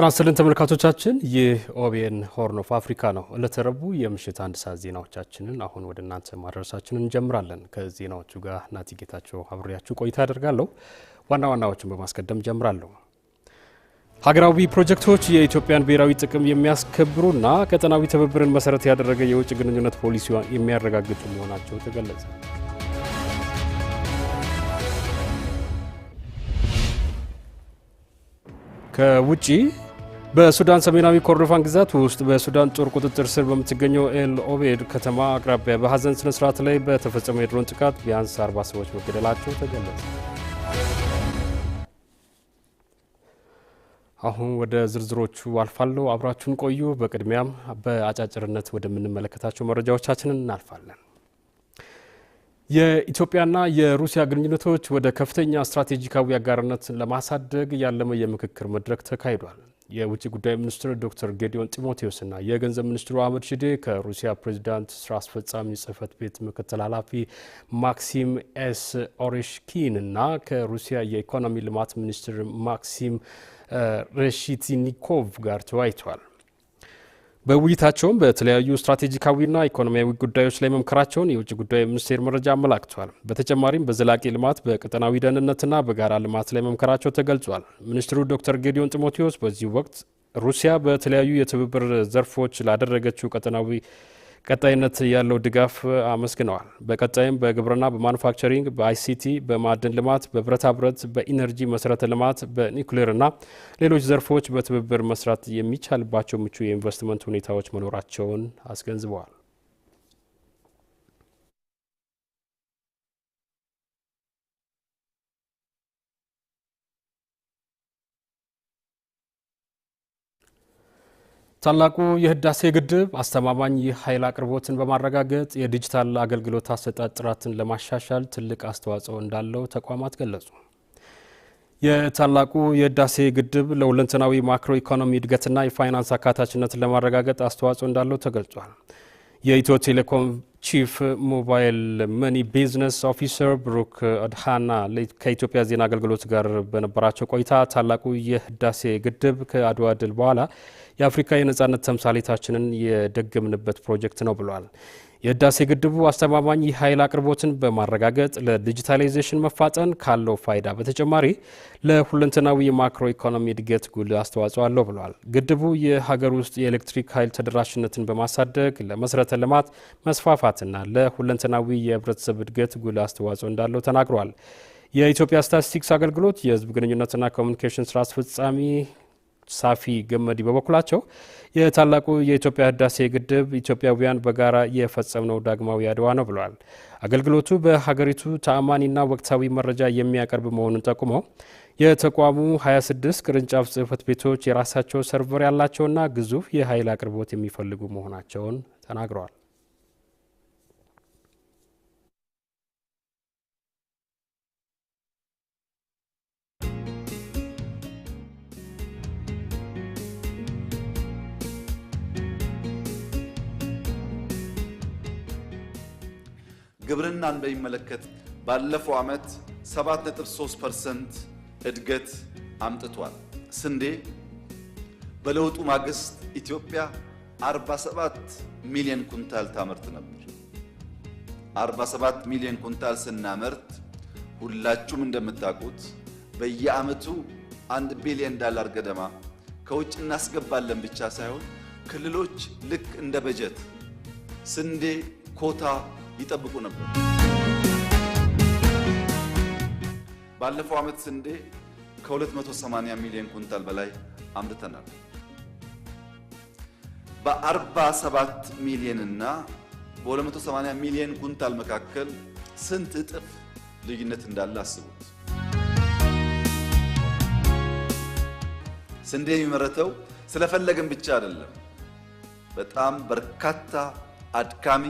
ጤና ይስጥልን ተመልካቾቻችን፣ ይህ ኦቢኤን ሆርን ኦፍ አፍሪካ ነው። ዕለተ ረቡዕ የምሽት አንድ ሰዓት ዜናዎቻችንን አሁን ወደ እናንተ ማድረሳችንን እንጀምራለን። ከዜናዎቹ ጋር ናቲ ጌታቸው አብሬያችሁ ቆይታ አደርጋለሁ። ዋና ዋናዎችን በማስቀደም ጀምራለሁ። ሀገራዊ ፕሮጀክቶች የኢትዮጵያን ብሔራዊ ጥቅም የሚያስከብሩና ቀጠናዊ ትብብርን መሰረት ያደረገ የውጭ ግንኙነት ፖሊሲ የሚያረጋግጡ መሆናቸው ተገለጸ። ከውጪ በሱዳን ሰሜናዊ ኮርዶፋን ግዛት ውስጥ በሱዳን ጦር ቁጥጥር ስር በምትገኘው ኤል ኦቤድ ከተማ አቅራቢያ በሐዘን ስነ ስርዓት ላይ በተፈጸመው የድሮን ጥቃት ቢያንስ 40 ሰዎች መገደላቸው ተገለጸ። አሁን ወደ ዝርዝሮቹ አልፋለሁ። አብራችሁን ቆዩ። በቅድሚያም በአጫጭርነት ወደምንመለከታቸው መረጃዎቻችንን እናልፋለን። የኢትዮጵያና የሩሲያ ግንኙነቶች ወደ ከፍተኛ ስትራቴጂካዊ አጋርነት ለማሳደግ ያለመ የምክክር መድረክ ተካሂዷል። የውጭ ጉዳይ ሚኒስትር ዶክተር ጌዲዮን ጢሞቴዎስና የገንዘብ ሚኒስትሩ አህመድ ሽዴ ከሩሲያ ፕሬዚዳንት ስራ አስፈጻሚ ጽህፈት ቤት ምክትል ኃላፊ ማክሲም ኤስ እና ከሩሲያ የኢኮኖሚ ልማት ሚኒስትር ማክሲም ረሺቲኒኮቭ ጋር ተወያይተዋል። በውይይታቸውም በተለያዩ ስትራቴጂካዊና ኢኮኖሚያዊ ጉዳዮች ላይ መምከራቸውን የውጭ ጉዳይ ሚኒስቴር መረጃ አመላክቷል። በተጨማሪም በዘላቂ ልማት፣ በቀጠናዊ ደህንነትና በጋራ ልማት ላይ መምከራቸው ተገልጿል። ሚኒስትሩ ዶክተር ጌዲዮን ጢሞቴዎስ በዚህ ወቅት ሩሲያ በተለያዩ የትብብር ዘርፎች ላደረገችው ቀጠናዊ ቀጣይነት ያለው ድጋፍ አመስግነዋል። በቀጣይም በግብርና፣ በማኑፋክቸሪንግ፣ በአይሲቲ፣ በማዕድን ልማት፣ በብረታ ብረት፣ በኢነርጂ መሰረተ ልማት፣ እና ሌሎች ዘርፎች በትብብር መስራት የሚቻልባቸው ምቹ የኢንቨስትመንት ሁኔታዎች መኖራቸውን አስገንዝበዋል። ታላቁ የህዳሴ ግድብ አስተማማኝ የኃይል አቅርቦትን በማረጋገጥ የዲጂታል አገልግሎት አሰጣጥ ጥራትን ለማሻሻል ትልቅ አስተዋጽኦ እንዳለው ተቋማት ገለጹ። የታላቁ የህዳሴ ግድብ ለሁለንተናዊ ማክሮ ኢኮኖሚ እድገትና የፋይናንስ አካታችነትን ለማረጋገጥ አስተዋጽኦ እንዳለው ተገልጿል። የኢትዮ ቴሌኮም ቺፍ ሞባይል መኒ ቢዝነስ ኦፊሰር ብሩክ አድሃና ከኢትዮጵያ ዜና አገልግሎት ጋር በነበራቸው ቆይታ ታላቁ የህዳሴ ግድብ ከአድዋ ድል በኋላ የአፍሪካ የነጻነት ተምሳሌታችንን የደገምንበት ፕሮጀክት ነው ብሏል። የህዳሴ ግድቡ አስተማማኝ የኃይል አቅርቦትን በማረጋገጥ ለዲጂታላይዜሽን መፋጠን ካለው ፋይዳ በተጨማሪ ለሁለንተናዊ የማክሮ ኢኮኖሚ እድገት ጉልህ አስተዋጽኦ አለው ብለዋል። ግድቡ የሀገር ውስጥ የኤሌክትሪክ ኃይል ተደራሽነትን በማሳደግ ለመሰረተ ልማት መስፋፋትና ለሁለንተናዊ የህብረተሰብ እድገት ጉልህ አስተዋጽኦ እንዳለው ተናግሯል። የኢትዮጵያ ስታቲስቲክስ አገልግሎት የህዝብ ግንኙነትና ኮሚኒኬሽን ስራ አስፈጻሚ ሳፊ ገመዲ በበኩላቸው የታላቁ የኢትዮጵያ ህዳሴ ግድብ ኢትዮጵያውያን በጋራ የፈጸምነው ዳግማዊ አድዋ ነው ብለዋል። አገልግሎቱ በሀገሪቱ ተአማኒና ወቅታዊ መረጃ የሚያቀርብ መሆኑን ጠቁመው የተቋሙ 26 ቅርንጫፍ ጽህፈት ቤቶች የራሳቸው ሰርቨር ያላቸውና ግዙፍ የኃይል አቅርቦት የሚፈልጉ መሆናቸውን ተናግረዋል። ግብርናን በሚመለከት ባለፈው ዓመት 7.3% እድገት አምጥቷል። ስንዴ በለውጡ ማግስት ኢትዮጵያ 47 ሚሊዮን ኩንታል ታመርት ነበር። 47 ሚሊዮን ኩንታል ስናመርት ሁላችሁም እንደምታውቁት በየዓመቱ አንድ ቢሊዮን ዳላር ገደማ ከውጭ እናስገባለን ብቻ ሳይሆን ክልሎች ልክ እንደ በጀት ስንዴ ኮታ ይጠብቁ ነበር። ባለፈው ዓመት ስንዴ ከ280 ሚሊዮን ኩንታል በላይ አምርተናል። በ47 ሚሊዮን እና በ280 ሚሊዮን ኩንታል መካከል ስንት እጥፍ ልዩነት እንዳለ አስቡት። ስንዴ የሚመረተው ስለፈለግን ብቻ አይደለም። በጣም በርካታ አድካሚ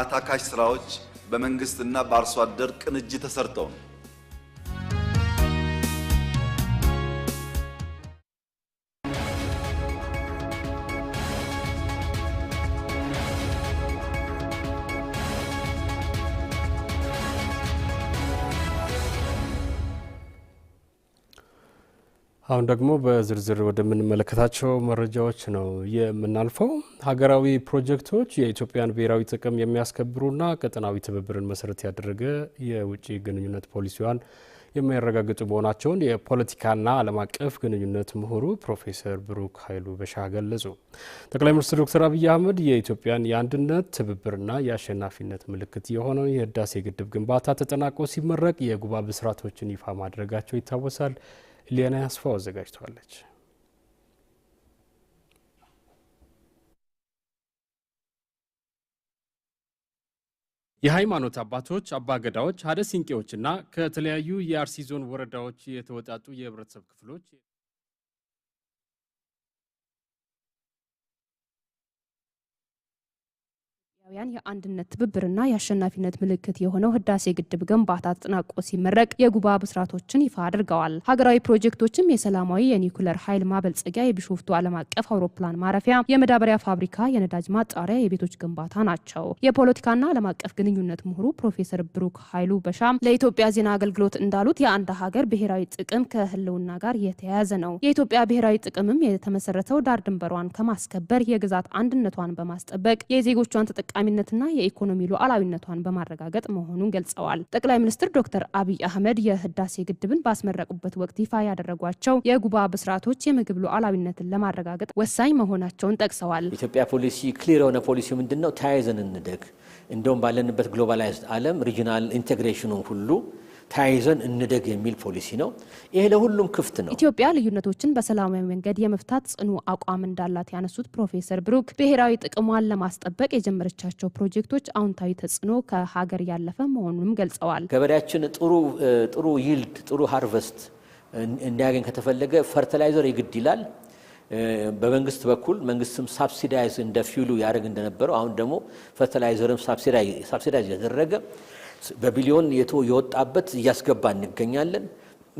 አታካሽ ስራዎች በመንግስትና በአርሶ አደር ቅንጅት ተሰርተው ነው አሁን ደግሞ በዝርዝር ወደምንመለከታቸው መረጃዎች ነው የምናልፈው። ሀገራዊ ፕሮጀክቶች የኢትዮጵያን ብሔራዊ ጥቅም የሚያስከብሩና ቀጠናዊ ትብብርን መሰረት ያደረገ የውጭ ግንኙነት ፖሊሲዋን የሚያረጋግጡ መሆናቸውን የፖለቲካና ዓለም አቀፍ ግንኙነት ምሁሩ ፕሮፌሰር ብሩክ ኃይሉ በሻ ገለጹ። ጠቅላይ ሚኒስትር ዶክተር አብይ አህመድ የኢትዮጵያን የአንድነት ትብብርና የአሸናፊነት ምልክት የሆነው የህዳሴ ግድብ ግንባታ ተጠናቆ ሲመረቅ የጉባ ብስራቶችን ይፋ ማድረጋቸው ይታወሳል። ሊና ያስፋው አዘጋጅተዋለች። የሃይማኖት አባቶች፣ አባገዳዎች፣ ሀደ ሲንቄዎችና ከተለያዩ የአርሲ ዞን ወረዳዎች የተወጣጡ የህብረተሰብ ክፍሎች ኢትዮጵያውያን የአንድነት ትብብርና የአሸናፊነት ምልክት የሆነው ህዳሴ ግድብ ግንባታ ተጠናቆ ሲመረቅ የጉባ ብስራቶችን ይፋ አድርገዋል። ሀገራዊ ፕሮጀክቶችም የሰላማዊ የኒኩለር ኃይል ማበልጸጊያ፣ የቢሾፍቱ ዓለም አቀፍ አውሮፕላን ማረፊያ፣ የመዳበሪያ ፋብሪካ፣ የነዳጅ ማጣሪያ፣ የቤቶች ግንባታ ናቸው። የፖለቲካና ዓለም አቀፍ ግንኙነት ምሁሩ ፕሮፌሰር ብሩክ ኃይሉ በሻም ለኢትዮጵያ ዜና አገልግሎት እንዳሉት የአንድ ሀገር ብሔራዊ ጥቅም ከህልውና ጋር የተያያዘ ነው። የኢትዮጵያ ብሔራዊ ጥቅምም የተመሰረተው ዳር ድንበሯን ከማስከበር የግዛት አንድነቷን በማስጠበቅ የዜጎቿን ተጠቃ ተጠቃሚነትና የኢኮኖሚ ሉዓላዊነቷን በማረጋገጥ መሆኑን ገልጸዋል። ጠቅላይ ሚኒስትር ዶክተር አብይ አህመድ የህዳሴ ግድብን ባስመረቁበት ወቅት ይፋ ያደረጓቸው የጉባ ብስራቶች የምግብ ሉዓላዊነትን ለማረጋገጥ ወሳኝ መሆናቸውን ጠቅሰዋል። ኢትዮጵያ ፖሊሲ ክሊር የሆነ ፖሊሲ ምንድን ነው? ተያይዘን እንደግ። እንደውም ባለንበት ግሎባላይዝድ ዓለም ሪጂናል ኢንቴግሬሽኑ ሁሉ ተያይዘን እንደግ የሚል ፖሊሲ ነው። ይሄ ለሁሉም ክፍት ነው። ኢትዮጵያ ልዩነቶችን በሰላማዊ መንገድ የመፍታት ጽኑ አቋም እንዳላት ያነሱት ፕሮፌሰር ብሩክ ብሔራዊ ጥቅሟን ለማስጠበቅ የጀመረቻቸው ፕሮጀክቶች አውንታዊ ተጽዕኖ ከሀገር ያለፈ መሆኑንም ገልጸዋል። ገበሬያችን ጥሩ ይልድ፣ ጥሩ ሃርቨስት እንዲያገኝ ከተፈለገ ፈርቲላይዘር ይግድ ይላል። በመንግስት በኩል መንግስትም ሳብሲዳይዝ እንደ ፊሉ ያደርግ እንደነበረው አሁን ደግሞ ፈርቲላይዘርም ሳብሲዳይዝ ያደረገ በቢሊዮን የወጣበት እያስገባ እንገኛለን።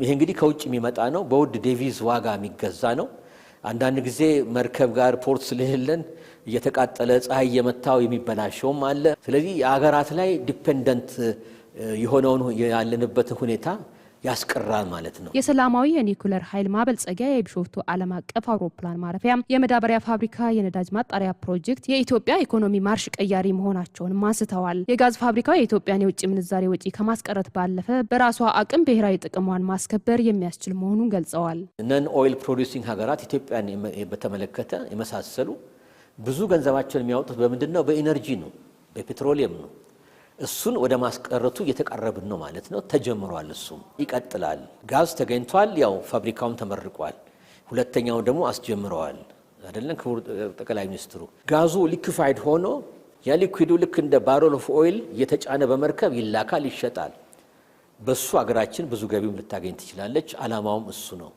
ይሄ እንግዲህ ከውጭ የሚመጣ ነው። በውድ ዴቪዝ ዋጋ የሚገዛ ነው። አንዳንድ ጊዜ መርከብ ጋር ፖርት ስልህልን እየተቃጠለ ፀሐይ እየመታው የሚበላሸውም አለ። ስለዚህ የአገራት ላይ ዲፔንደንት የሆነውን ያለንበትን ሁኔታ ያስቀራል ማለት ነው። የሰላማዊ የኒኩለር ኃይል ማበልጸጊያ የቢሾፍቱ ዓለም አቀፍ አውሮፕላን ማረፊያ፣ የመዳበሪያ ፋብሪካ፣ የነዳጅ ማጣሪያ ፕሮጀክት የኢትዮጵያ ኢኮኖሚ ማርሽ ቀያሪ መሆናቸውንም አንስተዋል። የጋዝ ፋብሪካው የኢትዮጵያን የውጭ ምንዛሬ ወጪ ከማስቀረት ባለፈ በራሷ አቅም ብሔራዊ ጥቅሟን ማስከበር የሚያስችል መሆኑን ገልጸዋል። ነን ኦይል ፕሮዲሲንግ ሀገራት ኢትዮጵያን በተመለከተ የመሳሰሉ ብዙ ገንዘባቸውን የሚያወጡት በምንድን ነው? በኢነርጂ ነው፣ በፔትሮሊየም ነው። እሱን ወደ ማስቀረቱ እየተቃረብን ነው ማለት ነው። ተጀምሯል፣ እሱም ይቀጥላል። ጋዝ ተገኝቷል፣ ያው ፋብሪካውም ተመርቋል። ሁለተኛው ደግሞ አስጀምረዋል አይደለም ክቡር ጠቅላይ ሚኒስትሩ። ጋዙ ሊኩፋይድ ሆኖ ያ ልክ እንደ ባሮል ኦፍ ኦይል እየተጫነ በመርከብ ይላካል፣ ይሸጣል። በሱ አገራችን ብዙ ገቢም ልታገኝ ትችላለች። አላማውም እሱ ነው።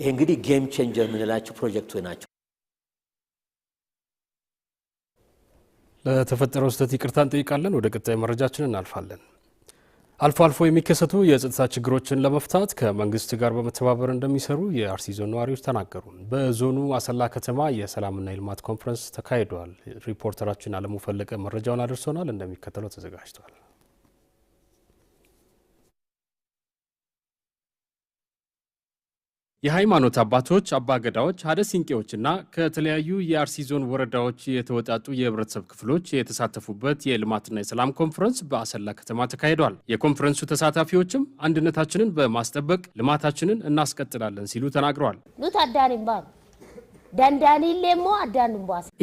ይሄ እንግዲህ ጌም ቼንጀር የምንላቸው ፕሮጀክቶች ናቸው። ለተፈጠረው ስህተት ይቅርታ እንጠይቃለን። ወደ ቀጣይ መረጃችን እናልፋለን። አልፎ አልፎ የሚከሰቱ የጸጥታ ችግሮችን ለመፍታት ከመንግስት ጋር በመተባበር እንደሚሰሩ የአርሲ ዞን ነዋሪዎች ተናገሩ። በዞኑ አሰላ ከተማ የሰላምና የልማት ኮንፈረንስ ተካሂደዋል። ሪፖርተራችን አለሙ ፈለቀ መረጃውን አድርሶናል፣ እንደሚከተለው ተዘጋጅቷል። የሃይማኖት አባቶች፣ አባገዳዎች፣ ሀደ ሲንቄዎችና ከተለያዩ የአርሲ ዞን ወረዳዎች የተወጣጡ የህብረተሰብ ክፍሎች የተሳተፉበት የልማትና የሰላም ኮንፈረንስ በአሰላ ከተማ ተካሂዷል። የኮንፈረንሱ ተሳታፊዎችም አንድነታችንን በማስጠበቅ ልማታችንን እናስቀጥላለን ሲሉ ተናግረዋል። ባ ሌሞ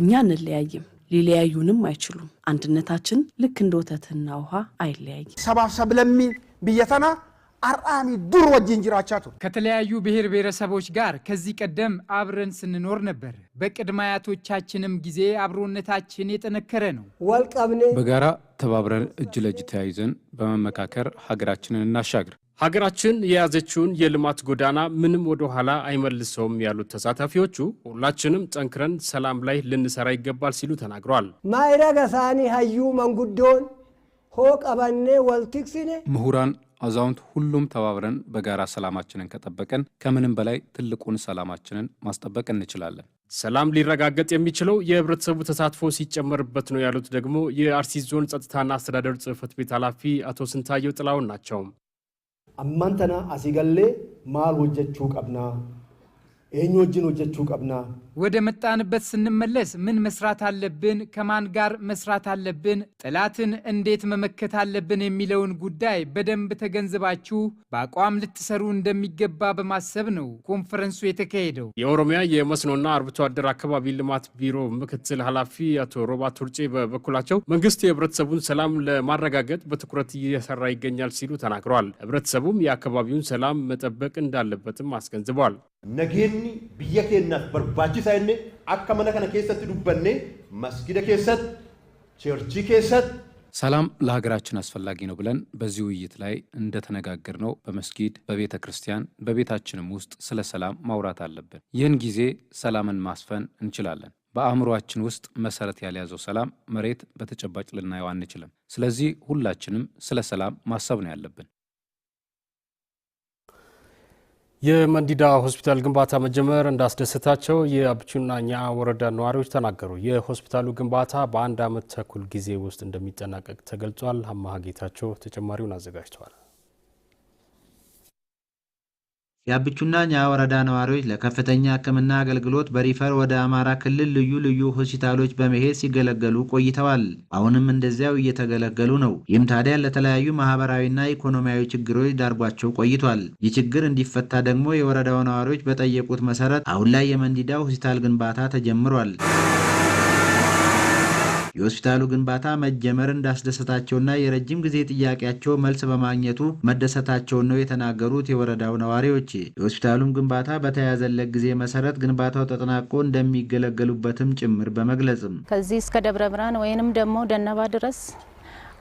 እኛ እንለያይም ሊለያዩንም አይችሉም። አንድነታችን ልክ እንደ ወተትና ውሃ አይለያይም። ሰባሰብ ለሚ ብየተና አርአሚ ዱር ወጅን ከተለያዩ ብሔር ብሔረሰቦች ጋር ከዚህ ቀደም አብረን ስንኖር ነበር። በቅድማያቶቻችንም ጊዜ አብሮነታችን የጠነከረ ነው። ወልቀብኔ በጋራ ተባብረን እጅ ለእጅ ተያይዘን በመመካከር ሀገራችንን እናሻግር። ሀገራችን የያዘችውን የልማት ጎዳና ምንም ወደ ኋላ አይመልሰውም ያሉት ተሳታፊዎቹ ሁላችንም ጠንክረን ሰላም ላይ ልንሰራ ይገባል ሲሉ ተናግረዋል። ማይረገሳኒ ሀዩ መንጉዶን ሆቀበኔ ወልቲክሲኔ ምሁራን አዛውንት ሁሉም ተባብረን በጋራ ሰላማችንን ከጠበቀን ከምንም በላይ ትልቁን ሰላማችንን ማስጠበቅ እንችላለን። ሰላም ሊረጋገጥ የሚችለው የህብረተሰቡ ተሳትፎ ሲጨመርበት ነው ያሉት ደግሞ የአርሲ ዞን ጸጥታና አስተዳደር ጽህፈት ቤት ኃላፊ አቶ ስንታየው ጥላውን ናቸው። አማንተና አሲገሌ ማል ወጀቹ ቀብና ይህኝ ወጀቹ ቀብና ወደ መጣንበት ስንመለስ ምን መስራት አለብን፣ ከማን ጋር መስራት አለብን፣ ጠላትን እንዴት መመከት አለብን የሚለውን ጉዳይ በደንብ ተገንዝባችሁ በአቋም ልትሰሩ እንደሚገባ በማሰብ ነው ኮንፈረንሱ የተካሄደው። የኦሮሚያ የመስኖና አርብቶ አደር አካባቢ ልማት ቢሮ ምክትል ኃላፊ አቶ ሮባ ቱርጬ በበኩላቸው መንግስት የህብረተሰቡን ሰላም ለማረጋገጥ በትኩረት እየሰራ ይገኛል ሲሉ ተናግረዋል። ህብረተሰቡም የአካባቢውን ሰላም መጠበቅ እንዳለበትም አስገንዝበዋል። ነገኒ ብየኬናፍ በርባጅ isa inni akka mana kana keessatti dubbannee masgida keessatti ቸርች keessatti ሰላም ለሀገራችን አስፈላጊ ነው ብለን በዚህ ውይይት ላይ ነው በመስጊድ፣ በቤተ ክርስቲያን፣ በቤታችንም ውስጥ ስለ ሰላም ማውራት አለብን። ይህን ጊዜ ሰላምን ማስፈን እንችላለን። በአእምሯችን ውስጥ መሰረት ያልያዘው ሰላም መሬት በተጨባጭ ልናየው አንችልም። ስለዚህ ሁላችንም ስለ ሰላም ማሰብ ነው ያለብን። የመንዲዳ ሆስፒታል ግንባታ መጀመር እንዳስደሰታቸው የአብቹናኛ ወረዳ ነዋሪዎች ተናገሩ። የሆስፒታሉ ግንባታ በአንድ ዓመት ተኩል ጊዜ ውስጥ እንደሚጠናቀቅ ተገልጿል። አማሃ ጌታቸው ተጨማሪውን አዘጋጅተዋል። የአብቹና ኛ ወረዳ ነዋሪዎች ለከፍተኛ ሕክምና አገልግሎት በሪፈር ወደ አማራ ክልል ልዩ ልዩ ሆስፒታሎች በመሄድ ሲገለገሉ ቆይተዋል። አሁንም እንደዚያው እየተገለገሉ ነው። ይህም ታዲያ ለተለያዩ ማህበራዊና ኢኮኖሚያዊ ችግሮች ዳርጓቸው ቆይቷል። ይህ ችግር እንዲፈታ ደግሞ የወረዳው ነዋሪዎች በጠየቁት መሰረት አሁን ላይ የመንዲዳ ሆስፒታል ግንባታ ተጀምሯል። የሆስፒታሉ ግንባታ መጀመር እንዳስደሰታቸውና የረጅም ጊዜ ጥያቄያቸው መልስ በማግኘቱ መደሰታቸውን ነው የተናገሩት የወረዳው ነዋሪዎች። የሆስፒታሉም ግንባታ በተያዘለት ጊዜ መሰረት ግንባታው ተጠናቆ እንደሚገለገሉበትም ጭምር በመግለጽም ከዚህ እስከ ደብረ ብርሃን ወይንም ደግሞ ደነባ ድረስ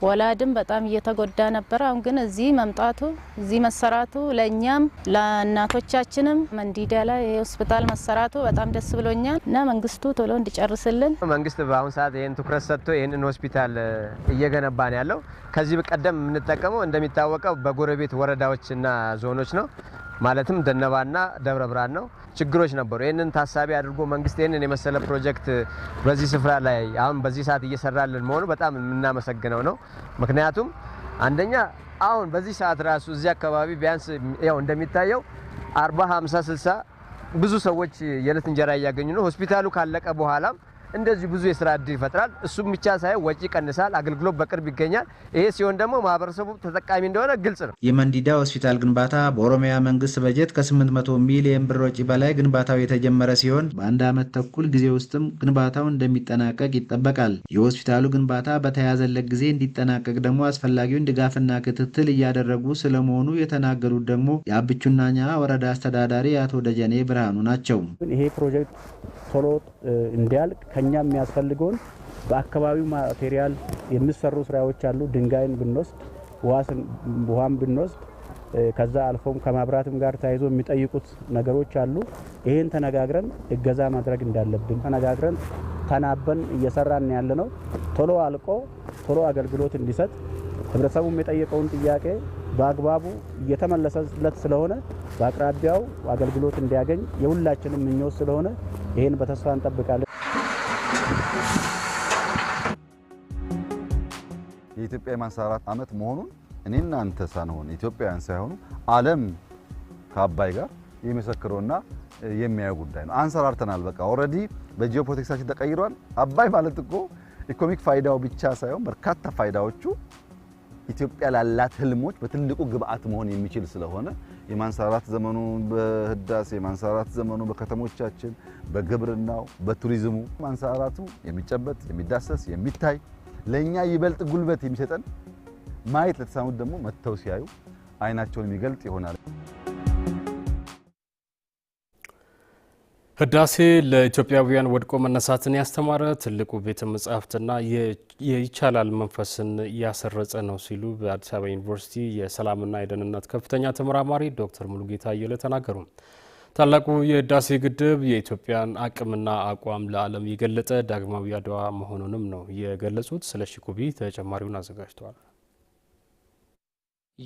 ወላድም በጣም እየተጎዳ ነበረ። አሁን ግን እዚህ መምጣቱ እዚህ መሰራቱ ለእኛም ለእናቶቻችንም መንዲዳ ላይ የሆስፒታል መሰራቱ በጣም ደስ ብሎኛል እና መንግስቱ ቶሎ እንዲጨርስልን መንግስት በአሁን ሰዓት ይህን ትኩረት ሰጥቶ ይህንን ሆስፒታል እየገነባ ነው ያለው። ከዚህ ቀደም የምንጠቀመው እንደሚታወቀው በጎረቤት ወረዳዎችና ዞኖች ነው ማለትም ደነባና ደብረ ብርሃን ነው። ችግሮች ነበሩ። ይህንን ታሳቢ አድርጎ መንግስት ይህንን የመሰለ ፕሮጀክት በዚህ ስፍራ ላይ አሁን በዚህ ሰዓት እየሰራልን መሆኑ በጣም የምናመሰግነው ነው። ምክንያቱም አንደኛ አሁን በዚህ ሰዓት ራሱ እዚህ አካባቢ ቢያንስ ያው እንደሚታየው 40፣ 50፣ 60 ብዙ ሰዎች የዕለት እንጀራ እያገኙ ነው። ሆስፒታሉ ካለቀ በኋላም እንደዚሁ ብዙ የስራ እድል ይፈጥራል። እሱም ብቻ ሳይሆን ወጪ ይቀንሳል፣ አገልግሎት በቅርብ ይገኛል። ይሄ ሲሆን ደግሞ ማህበረሰቡ ተጠቃሚ እንደሆነ ግልጽ ነው። የመንዲዳ ሆስፒታል ግንባታ በኦሮሚያ መንግስት በጀት ከ800 ሚሊዮን ብር ወጪ በላይ ግንባታው የተጀመረ ሲሆን በአንድ አመት ተኩል ጊዜ ውስጥም ግንባታው እንደሚጠናቀቅ ይጠበቃል። የሆስፒታሉ ግንባታ በተያዘለት ጊዜ እንዲጠናቀቅ ደግሞ አስፈላጊውን ድጋፍና ክትትል እያደረጉ ስለመሆኑ የተናገሩት ደግሞ የአብቹና ወረዳ አስተዳዳሪ አቶ ደጀኔ ብርሃኑ ናቸው። ይሄ ፕሮጀክት ቶሎ እንዲያልቅ እኛ የሚያስፈልገውን በአካባቢው ማቴሪያል የሚሰሩ ስራዎች አሉ። ድንጋይን ብንወስድ፣ ውሃን ብንወስድ ከዛ አልፎም ከማብራትም ጋር ተያይዞ የሚጠይቁት ነገሮች አሉ። ይህን ተነጋግረን እገዛ ማድረግ እንዳለብን ተነጋግረን ተናበን እየሰራን ያለ ነው። ቶሎ አልቆ ቶሎ አገልግሎት እንዲሰጥ ህብረተሰቡ የጠየቀውን ጥያቄ በአግባቡ እየተመለሰለት ስለሆነ በአቅራቢያው አገልግሎት እንዲያገኝ የሁላችንም ምኞት ስለሆነ ይህን በተስፋ እንጠብቃለን። የኢትዮጵያ የማንሰራራት ዓመት መሆኑን እኔ እናንተ ሳንሆን ኢትዮጵያውያን ሳይሆኑ ዓለም ከአባይ ጋር የሚመሰክረውና የሚያየው ጉዳይ ነው። አንሰራርተናል። በቃ ኦልሬዲ በጂኦፖለቲክሳችን ተቀይሯል። አባይ ማለት እኮ ኢኮኖሚክ ፋይዳው ብቻ ሳይሆን በርካታ ፋይዳዎቹ ኢትዮጵያ ላላት ህልሞች በትልቁ ግብአት መሆን የሚችል ስለሆነ የማንሰራራት ዘመኑ በህዳሴ የማንሰራራት ዘመኑ በከተሞቻችን፣ በግብርናው፣ በቱሪዝሙ ማንሰራራቱ የሚጨበጥ የሚዳሰስ የሚታይ ለእኛ ይበልጥ ጉልበት የሚሰጠን ማየት ለተሳኑት ደግሞ መጥተው ሲያዩ አይናቸውን የሚገልጥ ይሆናል። ህዳሴ ለኢትዮጵያውያን ወድቆ መነሳትን ያስተማረ ትልቁ ቤተ መጻሕፍትና የይቻላል መንፈስን ያሰረጸ ነው ሲሉ በአዲስ አበባ ዩኒቨርሲቲ የሰላምና የደህንነት ከፍተኛ ተመራማሪ ዶክተር ሙሉጌታ አየለ ተናገሩ። ታላቁ የህዳሴ ግድብ የኢትዮጵያን አቅምና አቋም ለዓለም የገለጠ ዳግማዊ አድዋ መሆኑንም ነው የገለጹት። ስለሺ ኩቢ ተጨማሪውን አዘጋጅተዋል።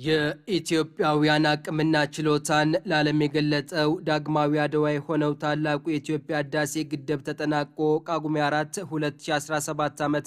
የኢትዮጵያውያን አቅምና ችሎታን ለዓለም የገለጠው ዳግማዊ አድዋ የሆነው ታላቁ የኢትዮጵያ ህዳሴ ግድብ ተጠናቆ ጳጉሜ 4 2017 ዓ ም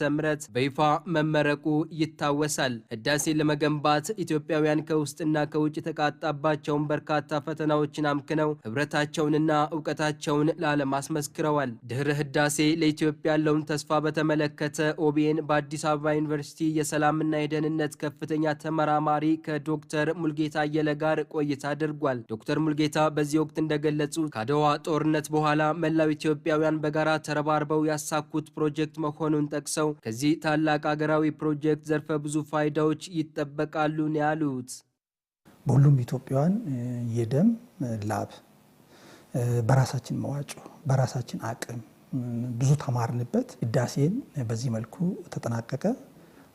በይፋ መመረቁ ይታወሳል። ህዳሴን ለመገንባት ኢትዮጵያውያን ከውስጥና ከውጭ የተቃጣባቸውን በርካታ ፈተናዎችን አምክነው ህብረታቸውንና እውቀታቸውን ለዓለም አስመስክረዋል። ድህረ ህዳሴ ለኢትዮጵያ ያለውን ተስፋ በተመለከተ ኦቢኤን በአዲስ አበባ ዩኒቨርሲቲ የሰላምና የደህንነት ከፍተኛ ተመራማሪ ከዶክተር ሙልጌታ አየለ ጋር ቆይታ አድርጓል። ዶክተር ሙልጌታ በዚህ ወቅት እንደገለጹት ከአድዋ ጦርነት በኋላ መላው ኢትዮጵያውያን በጋራ ተረባርበው ያሳኩት ፕሮጀክት መሆኑን ጠቅሰው ከዚህ ታላቅ ሀገራዊ ፕሮጀክት ዘርፈ ብዙ ፋይዳዎች ይጠበቃሉ ነው ያሉት። በሁሉም ኢትዮጵያውያን የደም ላብ በራሳችን መዋጮ በራሳችን አቅም ብዙ ተማርንበት። ህዳሴን በዚህ መልኩ ተጠናቀቀ።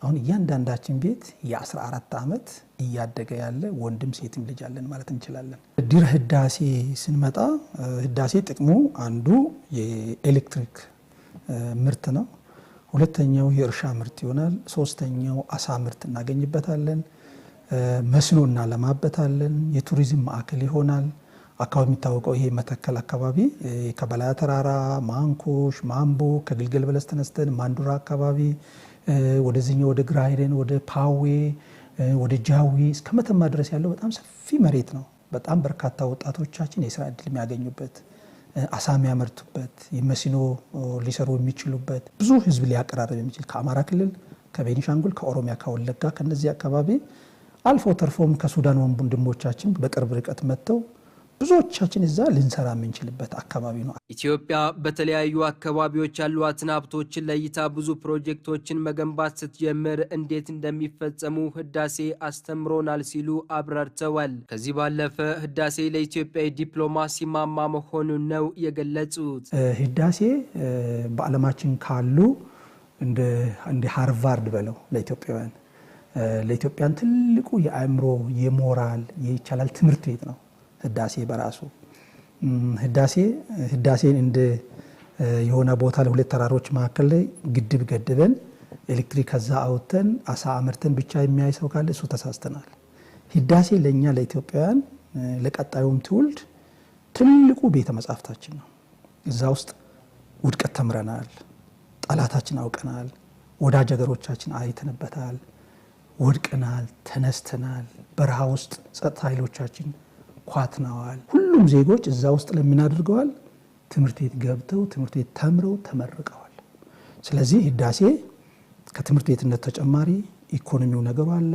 አሁን እያንዳንዳችን ቤት የ14 ዓመት እያደገ ያለ ወንድም ሴትም ልጅ አለን ማለት እንችላለን። ድር ህዳሴ ስንመጣ ህዳሴ ጥቅሙ አንዱ የኤሌክትሪክ ምርት ነው። ሁለተኛው የእርሻ ምርት ይሆናል። ሶስተኛው አሳ ምርት እናገኝበታለን። መስኖ እናለማበታለን። የቱሪዝም ማዕከል ይሆናል። አካባቢ የሚታወቀው ይሄ መተከል አካባቢ ከበላይ ተራራ፣ ማንኮሽ፣ ማንቦ ከግልገል በለስ ተነስተን ማንዱራ አካባቢ ወደዚህኛው ወደ ግራይደን ወደ ፓዌ ወደ ጃዊ እስከ መተማ ድረስ ያለው በጣም ሰፊ መሬት ነው። በጣም በርካታ ወጣቶቻችን የስራ እድል የሚያገኙበት አሳ የሚያመርቱበት መስኖ ሊሰሩ የሚችሉበት ብዙ ህዝብ ሊያቀራረብ የሚችል ከአማራ ክልል፣ ከቤኒሻንጉል፣ ከኦሮሚያ፣ ከወለጋ ከነዚህ አካባቢ አልፎ ተርፎም ከሱዳን ወንድሞቻችን በቅርብ ርቀት መጥተው ብዙዎቻችን እዛ ልንሰራ የምንችልበት አካባቢ ነው። ኢትዮጵያ በተለያዩ አካባቢዎች ያሏትን ሀብቶችን ለይታ ብዙ ፕሮጀክቶችን መገንባት ስትጀምር እንዴት እንደሚፈጸሙ ህዳሴ አስተምሮናል ሲሉ አብራርተዋል። ከዚህ ባለፈ ህዳሴ ለኢትዮጵያ ዲፕሎማሲ ማማ መሆኑን ነው የገለጹት። ህዳሴ በዓለማችን ካሉ እንደ ሃርቫርድ በለው ለኢትዮጵያውያን ለኢትዮጵያን ትልቁ የአእምሮ የሞራል የይቻላል ትምህርት ቤት ነው። ህዳሴ በራሱ ህዳሴ ህዳሴን እንደ የሆነ ቦታ ለሁለት ተራሮች መካከል ላይ ግድብ ገድበን ኤሌክትሪክ ከዛ አውጥተን አሳ አምርተን ብቻ የሚያይ ሰው ካለ እሱ ተሳስተናል። ህዳሴ ለእኛ ለኢትዮጵያውያን ለቀጣዩም ትውልድ ትልቁ ቤተ መጻሕፍታችን ነው። እዛ ውስጥ ውድቀት ተምረናል፣ ጠላታችን አውቀናል፣ ወዳጅ ሀገሮቻችን አይተንበታል፣ ወድቀናል፣ ተነስተናል። በረሃ ውስጥ ጸጥታ ኃይሎቻችን ኳትነዋል። ሁሉም ዜጎች እዛ ውስጥ ለምን አድርገዋል? ትምህርት ቤት ገብተው ትምህርት ቤት ተምረው ተመርቀዋል። ስለዚህ ህዳሴ ከትምህርት ቤትነት ተጨማሪ ኢኮኖሚው ነገሩ አለ፣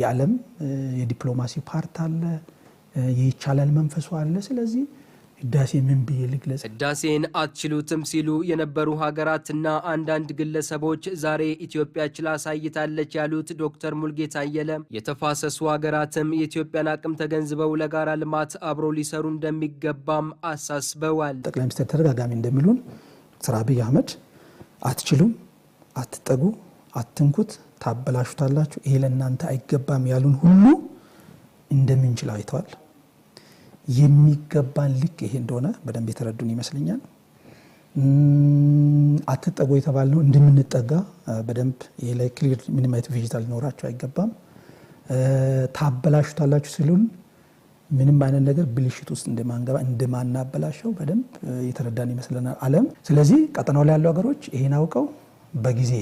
የዓለም የዲፕሎማሲ ፓርት አለ፣ የይቻላል መንፈሱ አለ። ስለዚህ ህዳሴ ምን ብዬ ልግለጽ? ህዳሴን አትችሉትም ሲሉ የነበሩ ሀገራትና አንዳንድ ግለሰቦች ዛሬ ኢትዮጵያ ችላ አሳይታለች ያሉት ዶክተር ሙልጌታ አየለ የተፋሰሱ ሀገራትም የኢትዮጵያን አቅም ተገንዝበው ለጋራ ልማት አብሮ ሊሰሩ እንደሚገባም አሳስበዋል። ጠቅላይ ሚኒስትር ተደጋጋሚ እንደሚሉን ስራ አብይ አህመድ አትችሉም፣ አትጠጉ፣ አትንኩት፣ ታበላሹታላችሁ፣ ይሄ ለእናንተ አይገባም ያሉን ሁሉ እንደምንችል አይተዋል። የሚገባን ልክ ይሄ እንደሆነ በደንብ የተረዱን ይመስለኛል። አትጠጉ የተባልነው እንደምንጠጋ በደንብ ይሄ ላይ ክሊር ምንም አይነት ቬጅታ ሊኖራቸው አይገባም። ታበላሹታላችሁ ሲሉን ምንም አይነት ነገር ብልሽት ውስጥ እንደማንገባ እንደማናበላሸው በደንብ የተረዳን ይመስለናል ዓለም። ስለዚህ ቀጠናው ላይ ያሉ ሀገሮች ይሄን አውቀው በጊዜ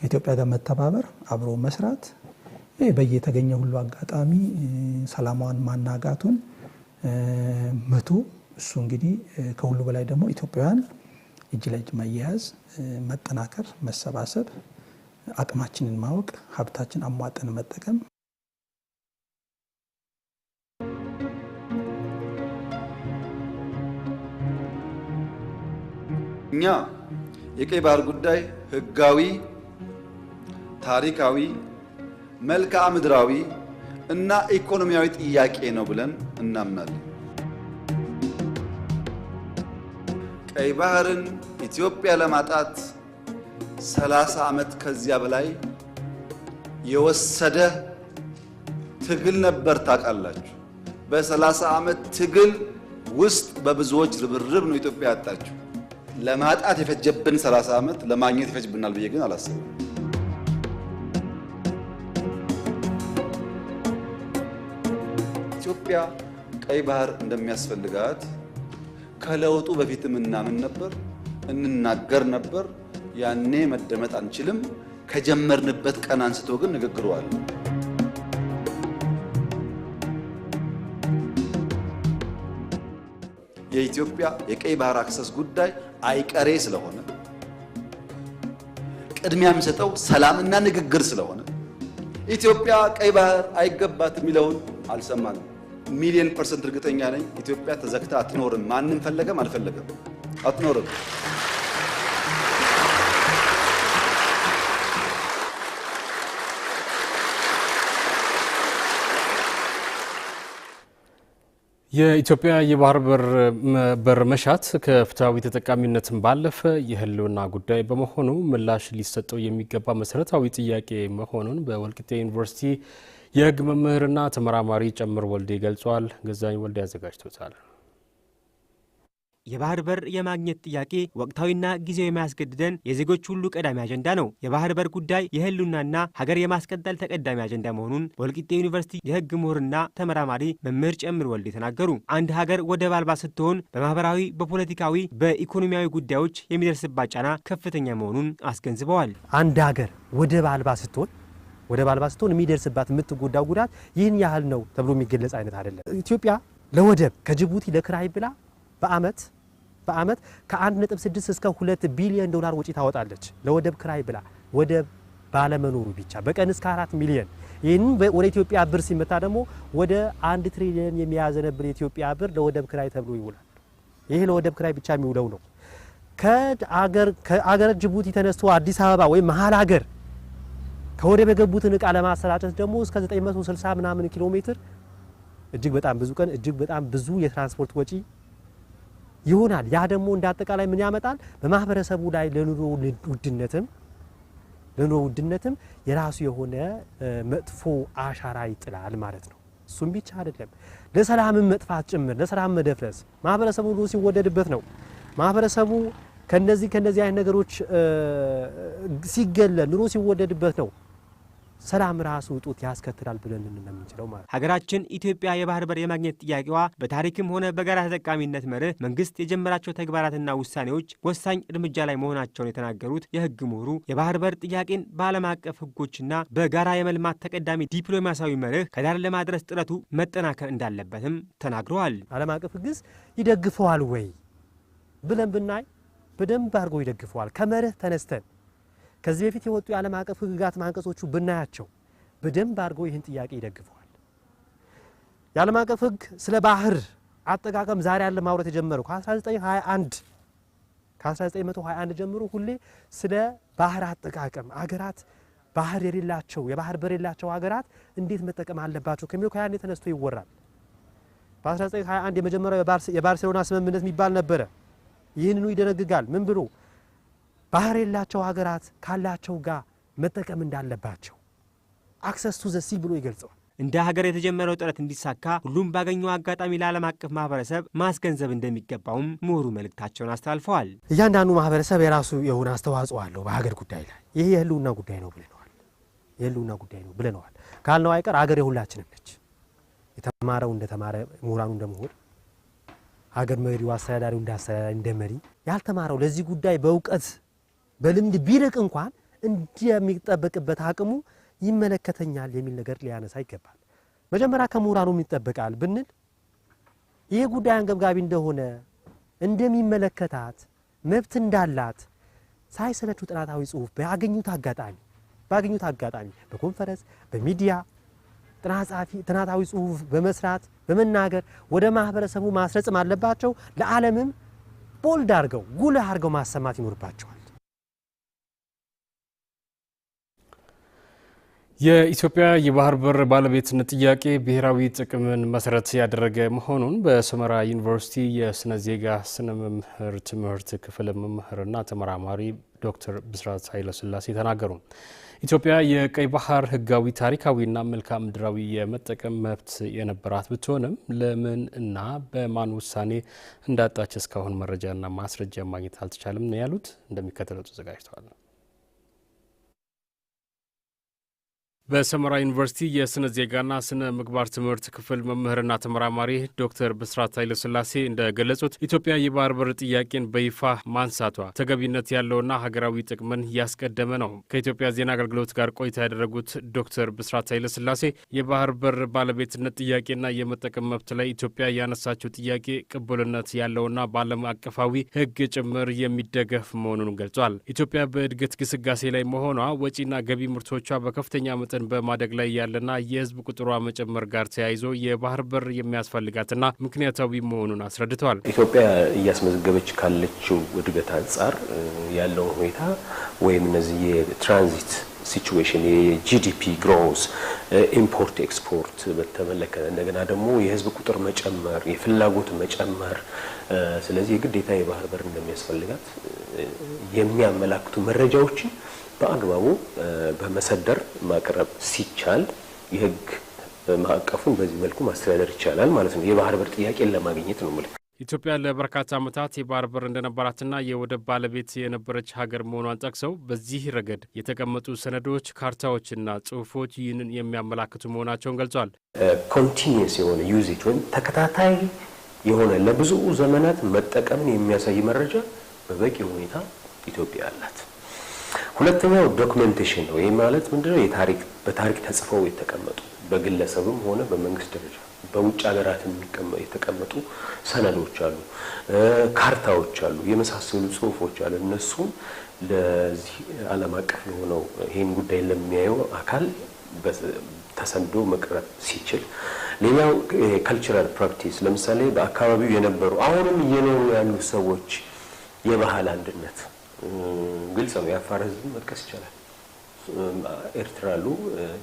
ከኢትዮጵያ ጋር መተባበር፣ አብሮ መስራት፣ በየተገኘ ሁሉ አጋጣሚ ሰላሟን ማናጋቱን መቶ እሱ እንግዲህ ከሁሉ በላይ ደግሞ ኢትዮጵያውያን እጅ ለእጅ መያያዝ፣ መጠናከር፣ መሰባሰብ፣ አቅማችንን ማወቅ፣ ሀብታችን አሟጠን መጠቀም እኛ የቀይ ባህር ጉዳይ ህጋዊ፣ ታሪካዊ፣ መልክዓ ምድራዊ እና ኢኮኖሚያዊ ጥያቄ ነው ብለን እናምናለን። ቀይ ባህርን ኢትዮጵያ ለማጣት 30 ዓመት ከዚያ በላይ የወሰደ ትግል ነበር። ታውቃላችሁ። በ30 ዓመት ትግል ውስጥ በብዙዎች ርብርብ ነው ኢትዮጵያ ያጣችሁ። ለማጣት የፈጀብን 30 ዓመት ለማግኘት ይፈጅብናል ብዬ ግን አላስብም። ኢትዮጵያ ቀይ ባህር እንደሚያስፈልጋት ከለውጡ በፊትም እናምን ነበር፣ እንናገር ነበር። ያኔ መደመጥ አንችልም። ከጀመርንበት ቀን አንስቶ ግን ንግግሩ አለ። የኢትዮጵያ የቀይ ባህር አክሰስ ጉዳይ አይቀሬ ስለሆነ ቅድሚያ የሚሰጠው ሰላምና ንግግር ስለሆነ ኢትዮጵያ ቀይ ባህር አይገባት የሚለውን አልሰማንም። ሚሊዮን ፐርሰንት እርግጠኛ ነኝ ኢትዮጵያ ተዘግታ አትኖርም። ማንም ፈለገም አልፈለገም አትኖርም። የኢትዮጵያ የባህር በር መሻት ከፍትሐዊ ተጠቃሚነትን ባለፈ የህልውና ጉዳይ በመሆኑ ምላሽ ሊሰጠው የሚገባ መሰረታዊ ጥያቄ መሆኑን በወልቂጤ ዩኒቨርሲቲ የህግ መምህርና ተመራማሪ ጨምር ወልዴ ገልጿል። ገዛኝ ወልዴ አዘጋጅቶታል። የባህር በር የማግኘት ጥያቄ ወቅታዊና ጊዜው የሚያስገድደን የዜጎች ሁሉ ቀዳሚ አጀንዳ ነው። የባህር በር ጉዳይ የህልውናና ሀገር የማስቀጠል ተቀዳሚ አጀንዳ መሆኑን በወልቂጤ ዩኒቨርሲቲ የህግ ምሁርና ተመራማሪ መምህር ጨምር ወልዴ ተናገሩ። አንድ ሀገር ወደብ አልባ ስትሆን በማህበራዊ፣ በፖለቲካዊ፣ በኢኮኖሚያዊ ጉዳዮች የሚደርስባት ጫና ከፍተኛ መሆኑን አስገንዝበዋል። አንድ ሀገር ወደብ አልባ ስትሆን ወደ አልባ ስትሆን የሚደርስባት የምትጎዳው ጉዳት ይህን ያህል ነው ተብሎ የሚገለጽ አይነት አይደለም። ኢትዮጵያ ለወደብ ከጅቡቲ ለክራይ ብላ በአመት በአመት ከ1.6 እስከ 2 ቢሊዮን ዶላር ወጪ ታወጣለች። ለወደብ ክራይ ብላ ወደብ ባለመኖሩ ብቻ በቀን እስከ 4 ሚሊዮን ይህን ወደ ኢትዮጵያ ብር ሲመታ ደግሞ ወደ አንድ ትሪሊዮን የሚያዘነብር የኢትዮጵያ ብር ለወደብ ክራይ ተብሎ ይውላል። ይህ ለወደብ ክራይ ብቻ የሚውለው ነው። ከአገር ጅቡቲ ተነስቶ አዲስ አበባ ወይም መሀል ሀገር ከወደብ የገቡትን እቃ ለማሰራጨት ደግሞ እስከ 960 ምናምን ኪሎ ሜትር እጅግ በጣም ብዙ ቀን እጅግ በጣም ብዙ የትራንስፖርት ወጪ ይሆናል። ያ ደግሞ እንደ አጠቃላይ ምን ያመጣል? በማህበረሰቡ ላይ ለኑሮ ውድነትም ለኑሮ ውድነትም የራሱ የሆነ መጥፎ አሻራ ይጥላል ማለት ነው። እሱም ብቻ አይደለም፣ ለሰላምን መጥፋት ጭምር ለሰላም መደፍረስ ማህበረሰቡ ሁሉ ሲወደድበት ነው። ማህበረሰቡ ከነዚህ ከነዚህ አይነት ነገሮች ሲገለል ኑሮ ሲወደድበት ነው ሰላም ራሱ ውጡት ያስከትላል ብለን ነው ማለት ሀገራችን ኢትዮጵያ የባህር በር የማግኘት ጥያቄዋ በታሪክም ሆነ በጋራ ተጠቃሚነት መርህ መንግስት የጀመራቸው ተግባራትና ውሳኔዎች ወሳኝ እርምጃ ላይ መሆናቸውን የተናገሩት የህግ ምሁሩ የባህር በር ጥያቄን በዓለም አቀፍ ህጎችና በጋራ የመልማት ተቀዳሚ ዲፕሎማሲያዊ መርህ ከዳር ለማድረስ ጥረቱ መጠናከር እንዳለበትም ተናግረዋል። ዓለም አቀፍ ህግስ ይደግፈዋል ወይ ብለን ብናይ በደንብ አድርጎ ይደግፈዋል። ከመርህ ተነስተን ከዚህ በፊት የወጡ የዓለም አቀፍ ህግጋት ማንቀጾቹ ብናያቸው በደንብ አድርገው ይህን ጥያቄ ይደግፈዋል። የዓለም አቀፍ ህግ ስለ ባህር አጠቃቀም ዛሬ ያለ ማውረት የጀመረው ከ1921 ከ1921 ጀምሮ ሁሌ ስለ ባህር አጠቃቀም አገራት ባህር የሌላቸው የባህር በር የሌላቸው ሀገራት እንዴት መጠቀም አለባቸው ከሚለው ከያን ተነስቶ ይወራል። በ1921 የመጀመሪያው የባርሴሎና ስምምነት የሚባል ነበረ። ይህንኑ ይደነግጋል። ምን ብሎ ባህር የላቸው ሀገራት ካላቸው ጋር መጠቀም እንዳለባቸው አክሰስ ቱ ዘ ብሎ ይገልጸዋል። እንደ ሀገር የተጀመረው ጥረት እንዲሳካ ሁሉም ባገኘው አጋጣሚ ለዓለም አቀፍ ማህበረሰብ ማስገንዘብ እንደሚገባውም ምሁሩ መልእክታቸውን አስተላልፈዋል። እያንዳንዱ ማህበረሰብ የራሱ የሆነ አስተዋጽኦ አለው በሀገር ጉዳይ ላይ ይህ የህልውና ጉዳይ ነው ብለነዋል። የህልውና ጉዳይ ነው ብለነዋል ካልነው አይቀር ሀገር የሁላችንም ነች። የተማረው እንደተማረ፣ ምሁራኑ እንደምሁር፣ ሀገር መሪው፣ አስተዳዳሪው እንደ አስተዳዳሪ፣ እንደ መሪ፣ ያልተማረው ለዚህ ጉዳይ በእውቀት በልምድ ቢርቅ እንኳን እንደሚጠበቅበት አቅሙ ይመለከተኛል የሚል ነገር ሊያነሳ ይገባል። መጀመሪያ ከምሁራኑ ይጠበቃል ብንል ይህ ጉዳይ አንገብጋቢ እንደሆነ እንደሚመለከታት መብት እንዳላት ሳይሰለቹ ጥናታዊ ጽሁፍ ባገኙት አጋጣሚ ባገኙት አጋጣሚ በኮንፈረንስ በሚዲያ ጥናታዊ ጽሁፍ በመስራት በመናገር ወደ ማህበረሰቡ ማስረጽም አለባቸው። ለዓለምም ቦልድ አድርገው ጉልህ አድርገው ማሰማት ይኖርባቸዋል። የኢትዮጵያ የባህር በር ባለቤትነት ጥያቄ ብሔራዊ ጥቅምን መሰረት ያደረገ መሆኑን በሰመራ ዩኒቨርሲቲ የስነ ዜጋ ስነ መምህር ትምህርት ክፍል መምህርና ተመራማሪ ዶክተር ብስራት ኃይለስላሴ ተናገሩ። ኢትዮጵያ የቀይ ባህር ህጋዊ ታሪካዊና መልክዓ ምድራዊ የመጠቀም መብት የነበራት ብትሆንም ለምን እና በማን ውሳኔ እንዳጣች እስካሁን መረጃና ማስረጃ ማግኘት አልተቻለም ነው ያሉት። እንደሚከተለው ተዘጋጅተዋል። በሰመራ ዩኒቨርሲቲ የስነ ዜጋና ስነ ምግባር ትምህርት ክፍል መምህርና ተመራማሪ ዶክተር ብስራት ኃይለስላሴ እንደገለጹት ኢትዮጵያ የባህር በር ጥያቄን በይፋ ማንሳቷ ተገቢነት ያለውና ሀገራዊ ጥቅምን ያስቀደመ ነው። ከኢትዮጵያ ዜና አገልግሎት ጋር ቆይታ ያደረጉት ዶክተር ብስራት ኃይለስላሴ የባህር በር ባለቤትነት ጥያቄና የመጠቀም መብት ላይ ኢትዮጵያ ያነሳችው ጥያቄ ቅቡልነት ያለውና በዓለም አቀፋዊ ሕግ ጭምር የሚደገፍ መሆኑን ገልጿል። ኢትዮጵያ በእድገት ግስጋሴ ላይ መሆኗ ወጪና ገቢ ምርቶቿ በከፍተኛ መጠን መጠን በማደግ ላይ ያለና የህዝብ ቁጥሯ መጨመር ጋር ተያይዞ የባህር በር የሚያስፈልጋትና ምክንያታዊ መሆኑን አስረድተዋል። ኢትዮጵያ እያስመዘገበች ካለችው እድገት አንጻር ያለውን ሁኔታ ወይም እነዚህ የትራንዚት ሲቹዌሽን የጂዲፒ ግሮዝ ኢምፖርት ኤክስፖርት በተመለከተ እንደገና ደግሞ የህዝብ ቁጥር መጨመር፣ የፍላጎት መጨመር፣ ስለዚህ የግዴታ የባህር በር እንደሚያስፈልጋት የሚያመላክቱ መረጃዎችን በአግባቡ በመሰደር ማቅረብ ሲቻል የህግ ማዕቀፉን በዚህ መልኩ ማስተዳደር ይቻላል ማለት ነው። የባህር በር ጥያቄን ለማግኘት ነው ኢትዮጵያ ለበርካታ ዓመታት የባህር በር እንደነበራትና የወደብ ባለቤት የነበረች ሀገር መሆኗን ጠቅሰው በዚህ ረገድ የተቀመጡ ሰነዶች፣ ካርታዎችና ጽሁፎች ይህንን የሚያመላክቱ መሆናቸውን ገልጿል። ኮንቲኒየስ የሆነ ዩዜጅ ወይም ተከታታይ የሆነ ለብዙ ዘመናት መጠቀምን የሚያሳይ መረጃ በበቂ ሁኔታ ኢትዮጵያ አላት። ሁለተኛው ዶክመንቴሽን ነው። ይህ ማለት ምንድነው? የታሪክ በታሪክ ተጽፈው የተቀመጡ በግለሰብም ሆነ በመንግስት ደረጃ በውጭ ሀገራት የተቀመጡ ሰነዶች አሉ፣ ካርታዎች አሉ፣ የመሳሰሉ ጽሁፎች አሉ። እነሱን ለዚህ ዓለም አቀፍ የሆነው ይህን ጉዳይ ለሚያየው አካል ተሰንዶ መቅረብ ሲችል፣ ሌላው ካልቸራል ፕራክቲስ ለምሳሌ በአካባቢው የነበሩ አሁንም እየኖሩ ያሉ ሰዎች የባህል አንድነት ግልጽ ነው። የአፋር ህዝብን መጥቀስ ይቻላል። ኤርትራ አሉ፣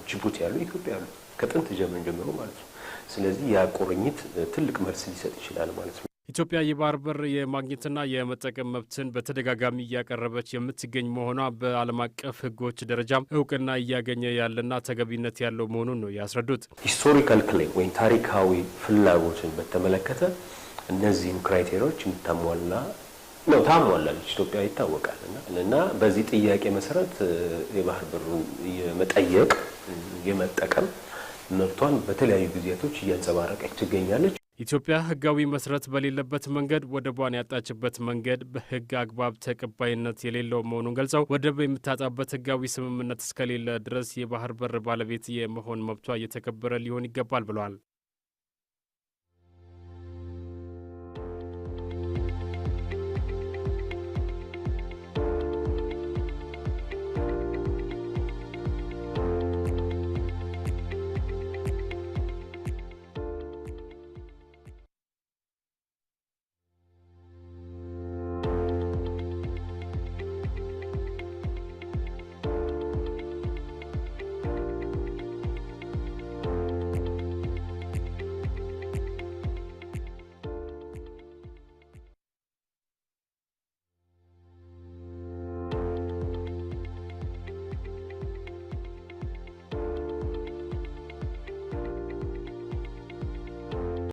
ጅቡቲ ያሉ ኢትዮጵያ ያሉ ከጥንት ጀምረን ጀምሮ ማለት ነው። ስለዚህ ያ ቁርኝት ትልቅ መልስ ሊሰጥ ይችላል ማለት ነው። ኢትዮጵያ የባህር በር የማግኘትና የመጠቀም መብትን በተደጋጋሚ እያቀረበች የምትገኝ መሆኗ በዓለም አቀፍ ህጎች ደረጃ እውቅና እያገኘ ያለና ተገቢነት ያለው መሆኑን ነው ያስረዱት። ሂስቶሪካል ክሌም ወይም ታሪካዊ ፍላጎትን በተመለከተ እነዚህን ክራይቴሪያዎች የምታሟላ ነው ታምኗል። ኢትዮጵያ ይታወቃል እና በዚህ ጥያቄ መሰረት የባህር በሩን የመጠየቅ የመጠቀም መብቷን በተለያዩ ጊዜያቶች እያንጸባረቀች ትገኛለች። ኢትዮጵያ ሕጋዊ መሰረት በሌለበት መንገድ ወደቧን ያጣችበት መንገድ በሕግ አግባብ ተቀባይነት የሌለው መሆኑን ገልጸው ወደብ የምታጣበት ሕጋዊ ስምምነት እስከሌለ ድረስ የባህር በር ባለቤት የመሆን መብቷ እየተከበረ ሊሆን ይገባል ብለዋል።